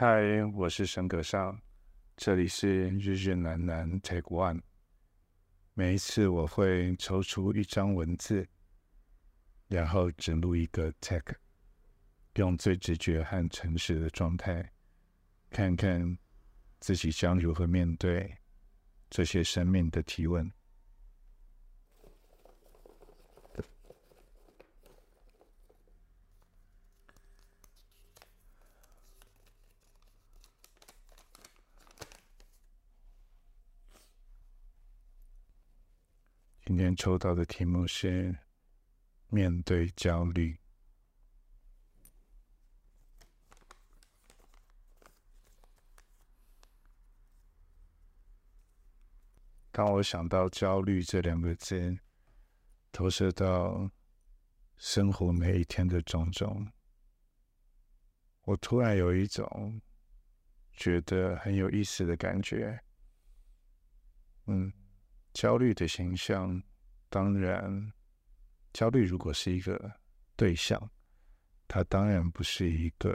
嗨，我是沈格桑，這裡是日日難難 Take One。每一次我會抽出一張文字，然後只錄一個 Take，用最直覺和誠實的狀態，看看自己將如何面對這些生命的提問。今天抽到的題目是面對焦慮。當我想到焦慮這兩個字，投射到生活每一天的種種，我突然有一種覺得很有意思的感覺。嗯。焦慮的形象，當然，焦慮如果是一個對象，它當然不是一個，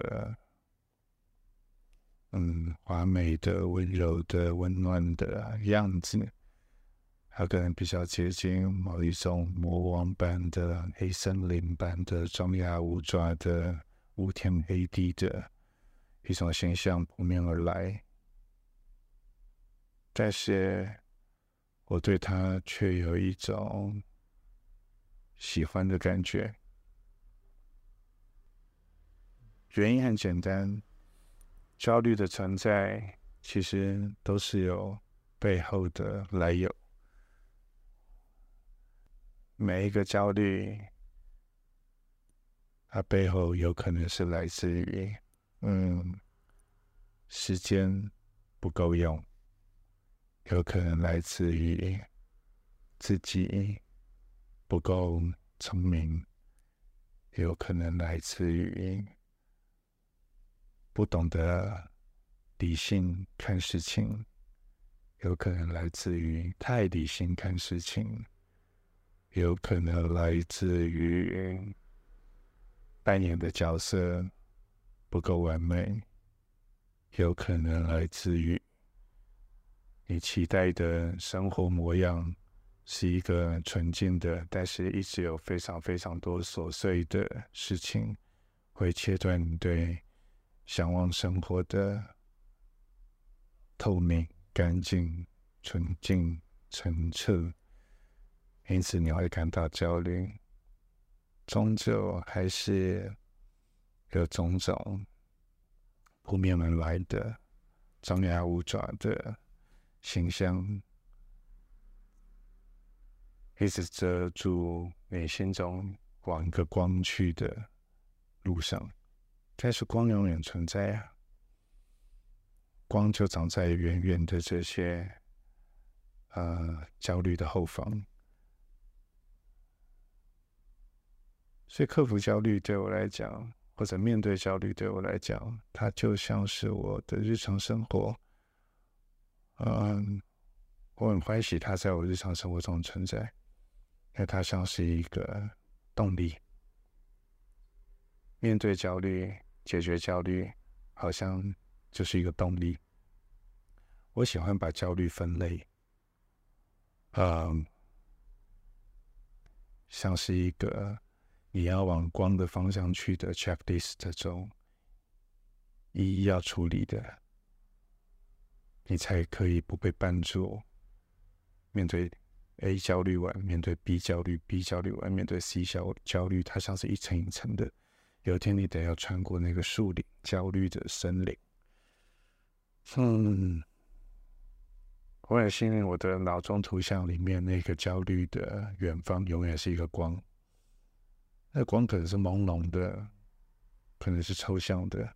嗯，華美的、溫柔的、溫暖的樣子，他可能比較接近某一種魔王般的、黑森林般的、張牙舞爪的、烏天黑地的一種形象撲面而來，但是。我對他卻有一種喜歡的感覺，原因很簡單，焦慮的存在其實都是有背後的來由，每一個焦慮，它背後有可能是來自於，嗯，時間不夠用。有可能來自於自己不夠聰明，有可能來自於不懂得理性看事情，有可能來自於太理性看事情，有可能來自於扮演的角色不夠完美，有可能來自於。你期待的生活模樣是一個純淨的，但是一直有非常非常多瑣碎的事情，會切斷你對嚮往生活的透明、乾淨、純淨、澄澈，因此你會感到焦慮。終究還是有種種撲面而來的、張牙舞爪的。形象一直遮住你心中往一個光去的路上，但是光永遠存在呀。光就長在遠遠的這些呃焦慮的後方，所以克服焦慮對我來講，或者面對焦慮對我來講，它就像是我的日常生活。嗯、um，我很歡喜它在我日常生活中存在，那它像是一個動力。面對焦慮，解決焦慮，好像就是一個動力。我喜歡把焦慮分類，嗯、um, 像是一個你要往光的方向去的 checklist，這種一一要處理的。你才可以不被絆住。面對 A 焦慮完，面對 B 焦慮，B 焦慮完，面對 C 焦焦慮，它像是一層一層的。有一天你得要穿過那個樹林，焦慮的森林。嗯，我很信任我的腦中圖像裡面那個焦慮的遠方，永遠是一個光。那光可能是朦朧的，可能是抽象的，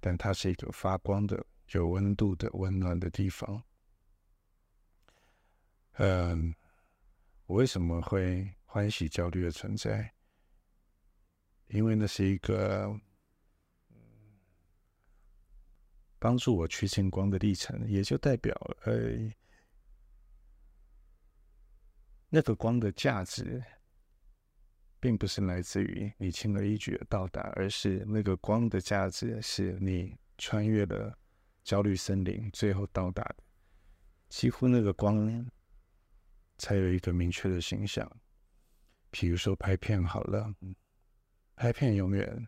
但它是一個發光的。有溫度的溫暖的地方。嗯，我為什麼會歡喜焦慮的存在？因為那是一個幫助我趨近光的歷程，也就代表，哎、呃。那個光的價值，並不是來自於你輕而易舉的到達，而是那個光的價值是你穿越了。焦慮森林最後到達的，幾乎那個光，才有一個明確的形象。比如說拍片好了，嗯、拍片永遠，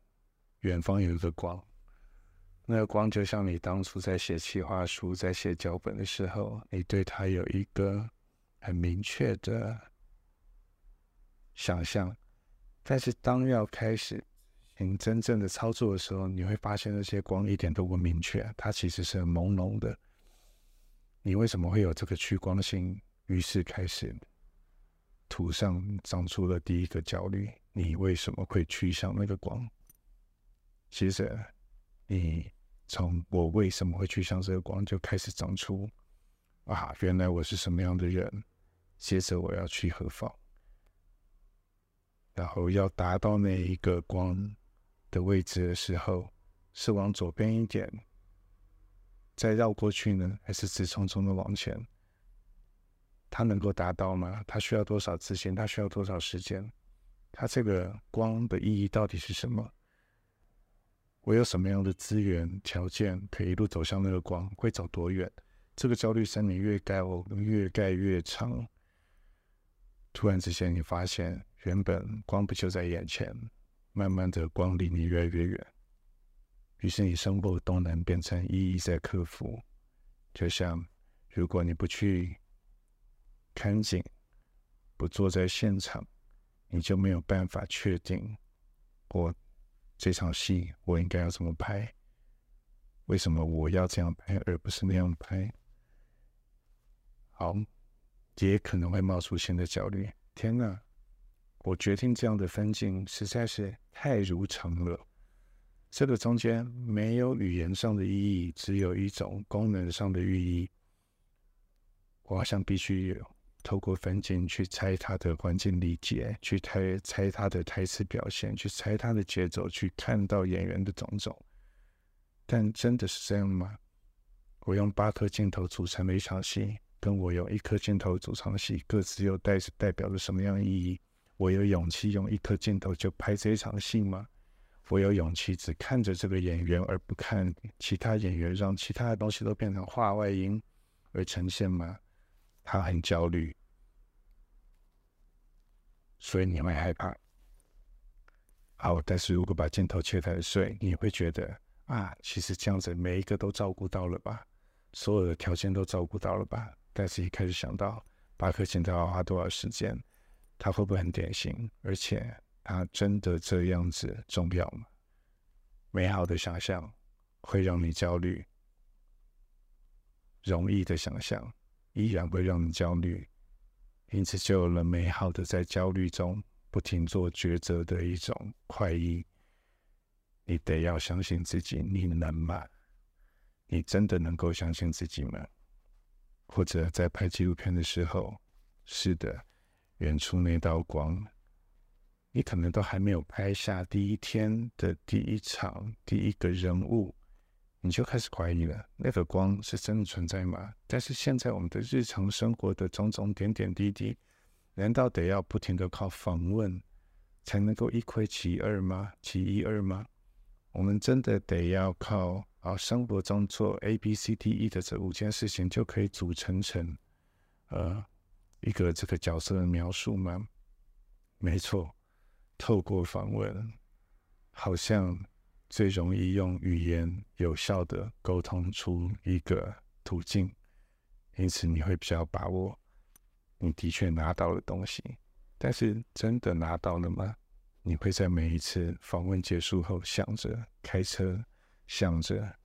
遠方有一個光，那個光就像你當初在寫企劃書、在寫腳本的時候，你對它有一個很明確的想象。但是當要開始，真正的操作的時候，你會發現那些光一點都不明確，它其實是很朦朧的。你為什麼會有這個趨光性？於是開始，土上長出了第一個焦慮：你為什麼會趨向那個光？其實你從“我為什麼會趨向這個光”就開始長出：啊，原來我是什麼樣的人？接着我要去何方？然後要達到那一個光。的位置的時候，是往左邊一點，再繞過去呢，還是直衝衝的往前？它能夠達到嗎？它需要多少資金？它需要多少時間？它這個光的意義到底是什麼？我有什麼樣的資源條件，可以一路走向那個光？會走多遠？這個焦慮森林越蓋，我能越蓋越長。突然之間，你發現原本光不就在眼前？慢慢的，光離你越來越遠，於是你生活的動能變成一一在克服。就像如果你不去看景，不坐在現場，你就沒有辦法確定我這場戲我應該要怎麼拍。為什麼我要這樣拍，而不是那樣拍？好，也可能會冒出新的焦慮。天哪！我決定這樣的分鏡實在是太冗長了。這個中間沒有語言上的意義，只有一種功能上的寓意。我好像必須透過分鏡去猜他的環境理解，去猜猜他的台詞表現，去猜他的節奏，去看到演員的種種。但真的是這樣嗎？我用八顆鏡頭組成了一場戲，跟我用一顆鏡頭組成的戲，各自又代代表着什麼樣的意義？我有勇氣用一顆鏡頭就拍這一場戲嗎？我有勇氣只看着這個演員而不看其他演員，讓其他的東西都變成畫外音而呈現嗎？他很焦慮，所以你會害怕。好，但是如果把鏡頭切太碎，你會覺得啊，其實這樣子每一個都照顧到了吧，所有的條件都照顧到了吧？但是一開始想到八顆鏡頭要花多少時間？它會不會很典型？而且，它真的這樣子重要嗎？美好的想象會讓你焦慮，容易的想象依然會讓你焦慮，因此就有了美好的在焦慮中不停做抉擇的一種快意。你得要相信自己，你能嗎？你真的能夠相信自己嗎？或者在拍紀錄片的時候，是的。遠處那道光，你可能都還沒有拍下第一天的第一場第一個人物，你就開始懷疑了。那個光是真的存在嗎？但是現在我們的日常生活的種種點點滴滴，難道得要不停的靠訪問才能夠一窺其二嗎？其一二嗎？我們真的得要靠啊生活中做 A、B、C、D、E 的這五件事情就可以組成成呃。一個這個角色的描述嗎？沒錯，透過訪問，好像最容易用語言有效的溝通出一個途徑，因此你會比較把握你的確拿到了東西。但是真的拿到了嗎？你會在每一次訪問結束後想着開車，想着。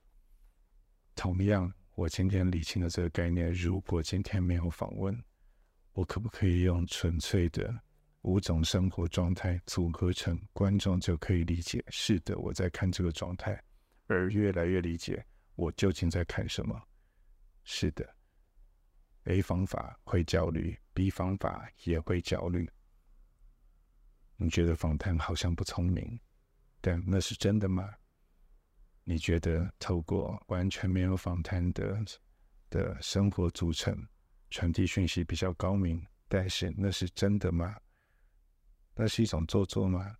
同樣，我今天理清了這個概念。如果今天沒有訪問，我可不可以用純粹的五種生活狀態組合成觀眾就可以理解？是的，我在看這個狀態，而越來越理解我究竟在看什麼。是的，A 方法會焦慮，B 方法也會焦慮。你覺得訪談好像不聰明，但那是真的嗎？你覺得透過完全沒有訪談的的生活組成？傳遞訊息比較高明，但是那是真的嗎？那是一種做作嗎？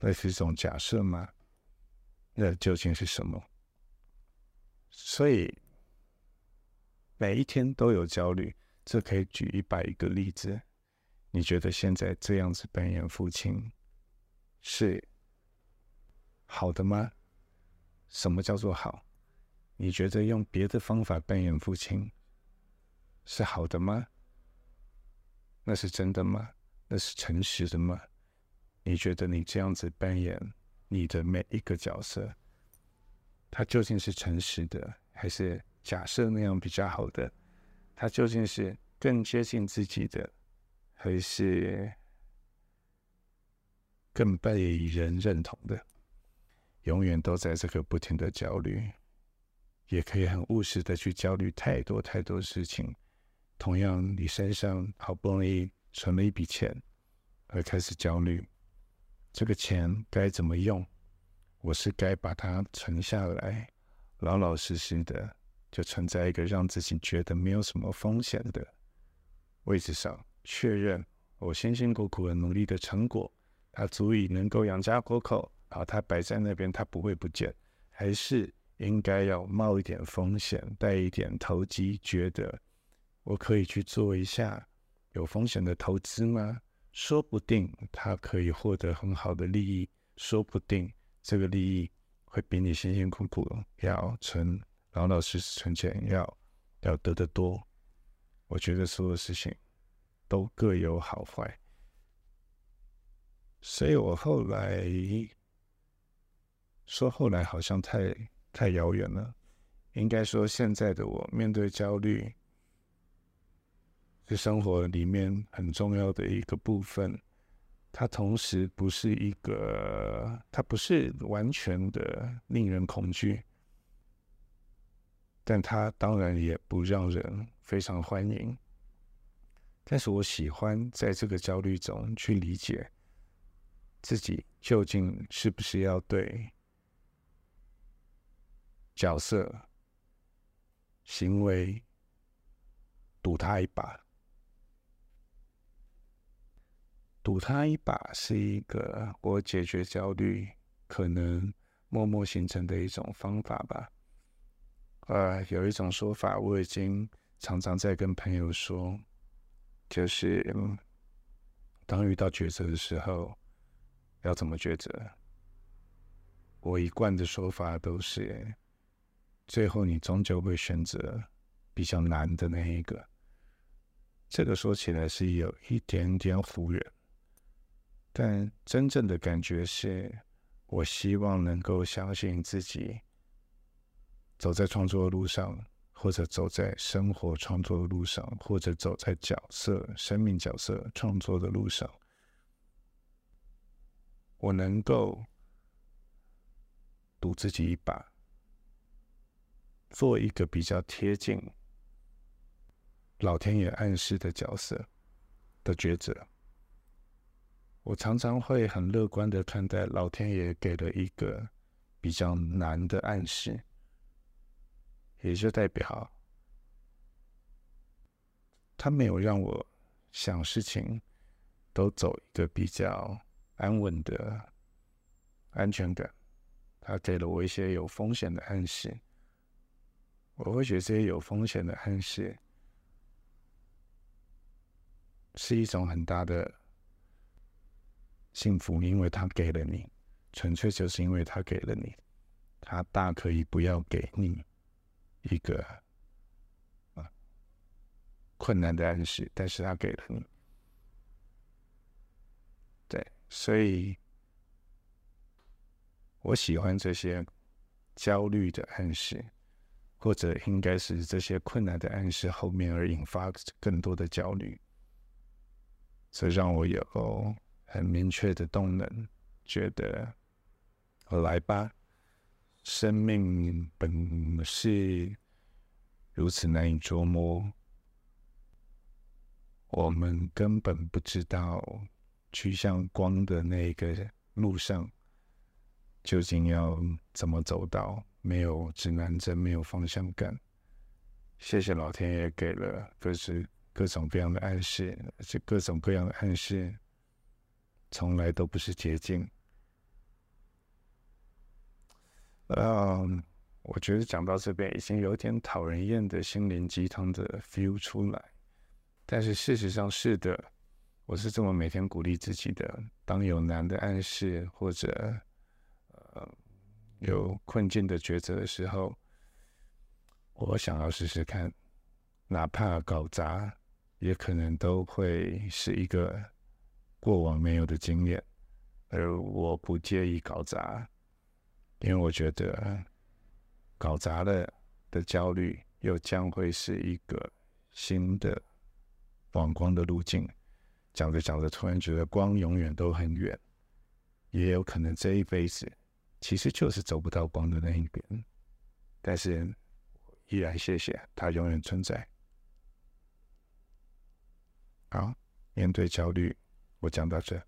那是一種假設嗎？那究竟是什麼？所以每一天都有焦慮，這可以舉一百一個例子。你覺得現在這樣子扮演父親是好的嗎？什麼叫做好？你覺得用別的方法扮演父親？是好的嗎？那是真的嗎？那是誠實的嗎？你覺得你這樣子扮演你的每一個角色，他究竟是誠實的，還是假設那樣比較好的？他究竟是更接近自己的，還是更被人認同的？永遠都在這個不停的焦慮，也可以很務實的去焦慮太多太多事情。同樣，你身上好不容易存了一筆錢，而開始焦慮，這個錢該怎麼用？我是該把它存下來，老老實實的就存在一個讓自己覺得沒有什麼風險的位置上，確認我辛辛苦苦的努力的成果，它足以能夠養家糊口，好，它擺在那邊，它不會不見，還是應該要冒一點風險，帶一點投機，覺得。我可以去做一下有風險的投資嗎？說不定他可以獲得很好的利益，說不定這個利益會比你辛辛苦苦要存，老老實實存錢要要得得多。我覺得所有事情都各有好壞，所以我後來說後來好像太太遙遠了，應該說現在的我面對焦慮。生活裡面很重要的一個部分，它同時不是一個，它不是完全的令人恐懼，但它當然也不讓人非常歡迎。但是我喜歡在這個焦慮中去理解自己究竟是不是要對角色行為賭他一把。賭他一把是一個我解決焦慮可能默默形成的一種方法吧。呃，有一種說法，我已經常常在跟朋友說，就是、嗯、當遇到抉擇的時候，要怎麼抉擇？我一貫的說法都是，最後你終究會選擇比較難的那一個。這個說起來是有一點點唬人。但真正的感覺是，我希望能夠相信自己，走在創作的路上，或者走在生活創作的路上，或者走在角色、生命角色創作的路上，我能夠賭自己一把，做一個比較貼近老天爺暗示的角色的抉擇。我常常會很樂觀的看待老天爺給了一個比較難的暗示，也就代表他沒有讓我想事情都走一個比較安穩的安全感，他給了我一些有風險的暗示，我會覺得這些有風險的暗示是一種很大的。幸福，因為他給了你，純粹就是因為他給了你，他大可以不要給你一個、啊、困難的暗示，但是他給了你，對，所以我喜歡這些焦慮的暗示，或者應該是這些困難的暗示後面而引發更多的焦慮，所以讓我有。很明確的動能，覺得我來吧。生命本是如此難以捉摸，我們根本不知道去向光的那個路上究竟要怎麼走到。沒有指南針，沒有方向感。謝謝老天爺給了各式各種各樣的暗示，而且各種各樣的暗示。從來都不是捷徑。嗯，um，我覺得講到這邊已經有點討人厭的心靈雞湯的 feel 出來，但是事實上是的，我是這麼每天鼓勵自己的：當有難的暗示或者呃有困境的抉擇的時候，我想要試試看，哪怕搞砸，也可能都會是一個。過往沒有的經驗，而我不介意搞砸，因為我覺得，搞砸了的焦慮又將會是一個新的反光的路徑。講着講着，突然覺得光永遠都很遠，也有可能這一輩子其實就是走不到光的那一邊，但是我依然謝謝它永遠存在。好，面對焦慮。我講到這。